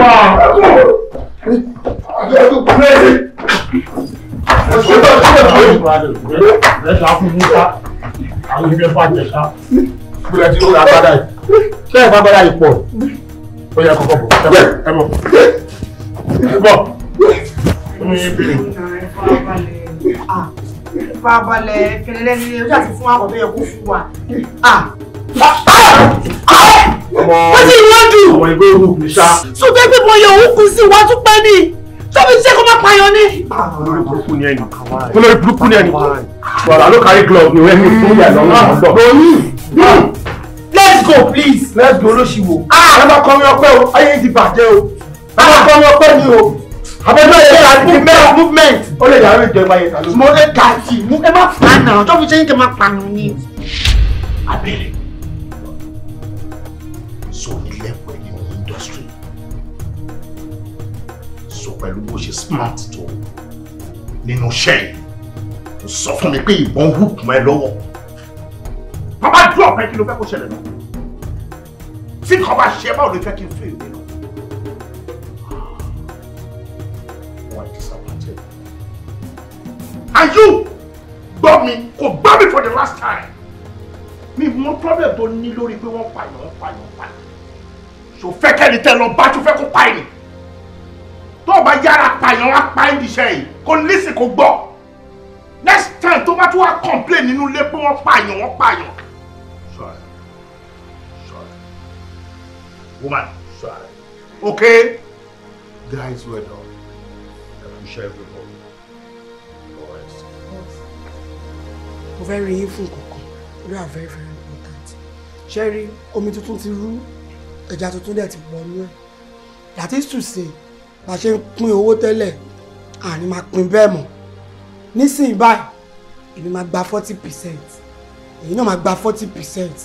Bùrẹ̀ tí ó ra agbádá yìí. Ṣé ẹ̀fọ́ agbádá yìí pọ̀? Ó yẹ kọ́kọ́ bọ̀. Ẹ̀bẹ̀ ẹ̀bọ̀. Ẹ̀bọ̀. Inú yín bìrì. Fábalẹ̀ fẹlẹ́lẹ́ ní ojú àti fún àkọ́tọ̀ yẹ kó fún wa ọmọ ìwé ewu mi ṣá. ṣùgbọ́n bí mo yẹ òun kù sí iwájú pẹ́ ni tóbi ṣé kó má payọ ni. olórí burúkú ni ẹni olórí burúkú ni ẹni wàrà ló kárí glove ni wẹ́n mi fún ìyá àgbọ̀. let's go please. let's go olóṣìwò. Ah. ẹ bá kọrin ọpẹ́ o ayé ti bàjẹ́ o ẹ bá kọrin ọpẹ́ ni o àbẹ̀dọ̀ yẹn ká ní mẹ́ra movement ó lè yàrá ìjọba yẹn kà ló. mo lè kà sí i. ẹ má pa àná tó fi ṣe ń kẹ́ máa pa àná ni. abẹ́rẹ́ ṣe smart tó nínú iṣẹ́ yìí kò sọ fún mi pé ìbọn hùkùn ẹ lọ́wọ́ bàbá dúró ọ̀pẹ kí ló fẹ́ kó ṣẹlẹ̀ náà tí nǹkan bá ṣe báwo ló fẹ́ kí n fún ìwé náà. wọ́n disappointed. and you gbọ́ mi kò gbọ́ mi for the last time mi mọ problem tó ní lórí pé wọ́n pààyàn wọ́n pààyàn pààyàn ṣò fẹ́ kẹ́ni tẹ́ lọ bá tó fẹ́ kó pààyàn tó o bá yára pààyàn wá pa ẹ́ níṣẹ́ yìí kò lísì kò gbọ́ next time tó bá tún wá complain nínú ilé pé wọ́n pààyàn wọ́n pààyàn. sorry sorry woman sorry okay guys well done I wish everybody all right. mo fẹ́ rí yín fún kankan you are very very important ṣe rí omi tuntun ti rú ẹja tuntun dẹ̀ ti wọnú ẹ̀ that is to say bá ṣe ń pín owó tẹ́lẹ̀ àní máa pín bẹ́ẹ̀ mọ́ nísìnyí báyìí èmi máa gba forty percent èyí náà máa gba forty percent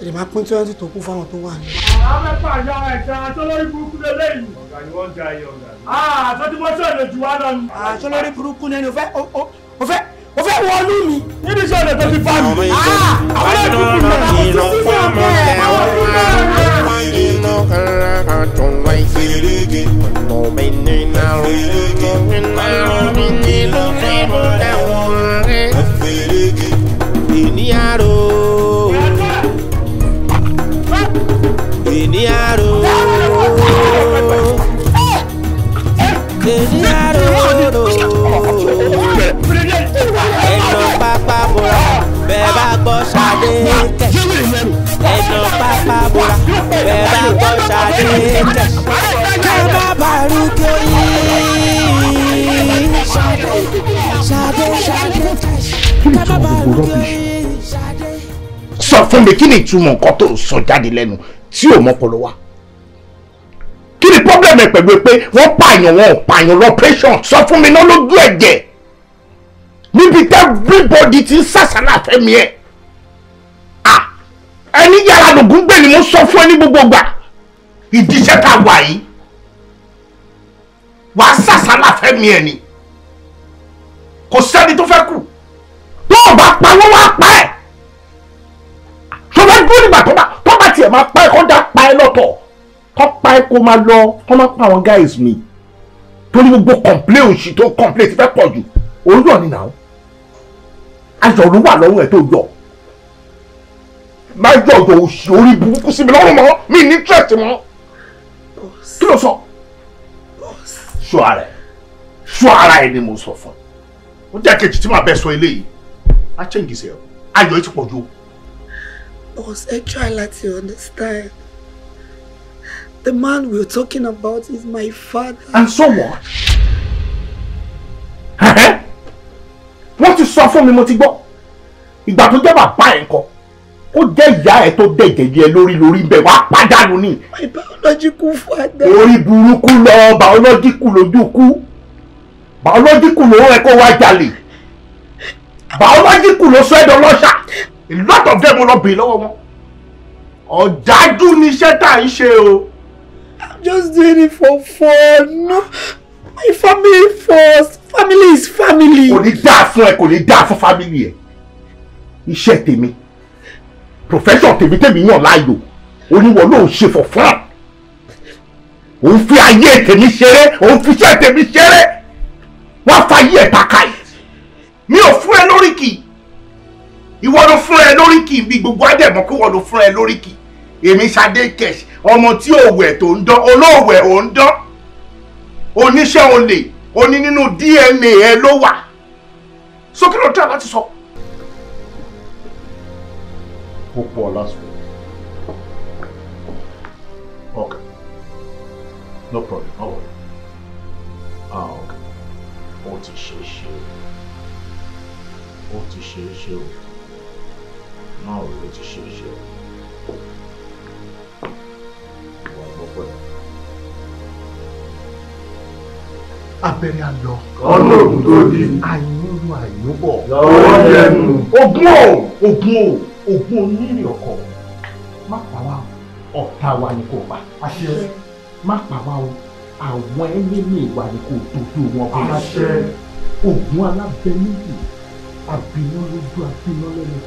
èdè máa pín twenty tó kú fáwọn tó wà ní. àwọn mẹ́fà ya ẹ̀ka tó lórí burúkú lé ọ̀gá ni wọ́n ń ja iye ọ̀gá. àtọ́júmọ́sọ̀ ah, lè jù wá lọ ni. burúkú lẹ́nu òfẹ́ òfẹ́ òfẹ́ wọnú mi. níbi iṣẹ́ ọ̀dọ̀ tó ti fa mi. àwọn ẹ̀dùnkùn lọ́wọ́ tó ti sísè ọ̀gá ẹ̀ not gonna wait But no man And pápá bora, bẹ́ẹ̀ gbọ́ sáré kẹ̀. Ẹ̀nà pápá bora. nǹkan ṣàdédé ká má bàrúkọ yìí ṣàdé ṣàdé ṣàdé ká má bàrúkọ yìí ṣàdé. sọ fún mi kí ni ìtumọ̀ nǹkan tó ń sọ jáde lẹ́nu tí ò mọ́pọ̀lọ́ wa kí ni pọ́blẹ́mù ẹ̀ pẹ̀lú pé wọ́n pààyàn wọn ò pààyàn lọ́pẹ́ṣọ̀n sọ fún mi náà lójú ẹ̀jẹ̀ níbi tẹ́ everybody ti ń sàṣàlà fẹ́mi ẹ̀ ẹni yàrá lògùn gbé ni mo sọ fún ẹ ní gbogbo gbà ìdíṣẹ́ tá a wà yìí wàá sàsálà fẹ́mi ẹ̀ ni kò sẹ́ni tó fẹ́ kù tó o bá pa wọ́n wá pa ẹ̀ tó bá dúró nígbà tó bá tó bá tiẹ̀ máa pa ẹ̀ kó dá pa ẹ̀ lọ́tọ̀ kó pa ẹ̀ kó máa lọ kó máa pa àwọn guys mi torí gbogbo complain òsì tó complain ti fẹ́ pọ̀ jù òun yọ̀ nínú àwọn ayọ̀rún wà lọ́wọ́ ẹ̀ tó yọ̀ máa yọ̀ yọ̀ òsì orí burúkú sí mi lọ́rùn mọ́ mi ní interest mọ́ kí ló sọ ṣọ́ ara ẹ ṣọ́ ara ẹ ni mo sọ fún ọ jẹ́ kejì tí màá bẹ sọ eléyìí á change ṣe ọ ayọ̀ ẹ ti pọ̀ boss ẹ try láti understand the man we're talking about is my father. and so what. wọ́n ti sọ fún mi mo ti gbọ́ ìgbà tó jẹ́ bàbá ẹ̀ ń ó jẹ́ ìyá ẹ̀ tó dẹ̀jẹ̀ lórí lórí bẹ́ẹ̀ wá pàdánù ni. my biological father. orí burúkú lọ biological lójú kú biological ló rẹ kó wá jalè biological ló sọ ẹ̀dọ̀ lọ́ṣà a lot of lọ bè lọ́wọ́ wọn ọ̀dájú ni iṣẹ́ ń ṣe o. i'm just doing it for fun no my family first family is family. kò ní dáa fún ẹ kò ní dáa fún family ẹ iṣẹ́ tèmi profession tèmi tèmi yàn láàyò oníwọ ló ń ṣe for fun òun fi ayé tèmi ṣeré òun fi iṣẹ́ tèmi ṣeré wọ́n fa ayé ẹ̀ta káyì mi ò fún ẹ lóríkì ìwọ ló fún ẹ lóríkì bí gbogbo àdẹ̀mọ́ kí wọ́n ló fún ẹ lóríkì èmi Ṣadé Kesh ọmọ tí òwẹ̀ tó ń dán olóòwẹ̀ ò ń dán oníṣẹ́ olè oní nínú DNA ẹ ló wà sókè ló dá láti sọ. So púpọ̀ lásán. Okay. No problem. No worry. Ah, okay. What is she? é ṣe o. Ó ti ṣe é ṣe o. Náà ó ti ṣe é ṣe o. Ìwà gbọ́pọ̀ ẹ̀. Abẹ́rẹ́ á lọ. Ọ̀nà ògùn tó di. Àìnílò àìníbọ̀. Lọ́wọ́ lẹ́nu. Ogún o! Ogún o! ògùn onírè ọkọ má pa wá o ọ̀tá wa ni kò pa àṣẹ má pa wá o àwọn ẹlẹ́mì wa ni kò dojú wọn bá àṣẹ ògùn alábẹ́míyì àbínú lójú àbínú lẹ́nu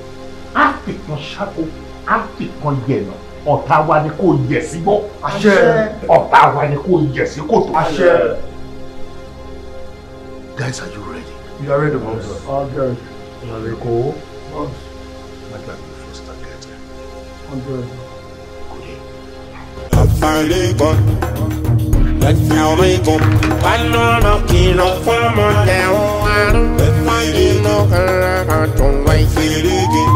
á fìkan ṣáko á fìkan wa ni kò yẹ̀ sí gbọ́ àṣẹ ọ̀tá wa ni kò yẹ̀ sí kòtò àṣẹ. Guys, are you ready? You are ready, Mom. Yes. Okay. Are we cool? Yes. má gbàgbé foster kẹta. Àfàlẹ́ kan lẹ́sẹ̀ orí kan wà lọ́rọ̀ kìlọ̀ fún ọmọdé ọ̀hún. Ẹ̀fọ́ ìdí náà kàrà kàtó wáyé. Fèrè gé.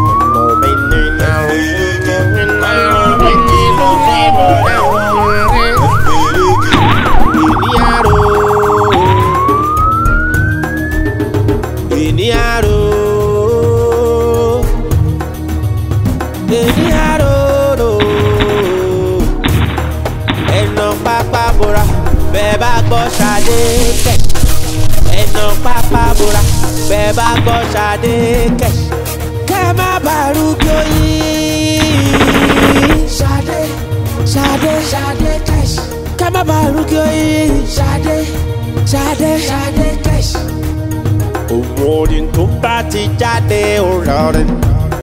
bẹ́ẹ̀ bá gbọ́ ṣadé kẹ̀ ẹ̀nà pápá bora bẹ́ẹ̀ bá gbọ́ ṣadé kẹ̀ kẹ́ má bàrú bí ó yí. ṣadé ṣadé ṣadé kẹ̀ṣ kẹ́ má bàrú bí ó yí. ṣadé ṣadé ṣadé kẹ̀ṣ. òun orin tó bá ti jáde ó rọrin.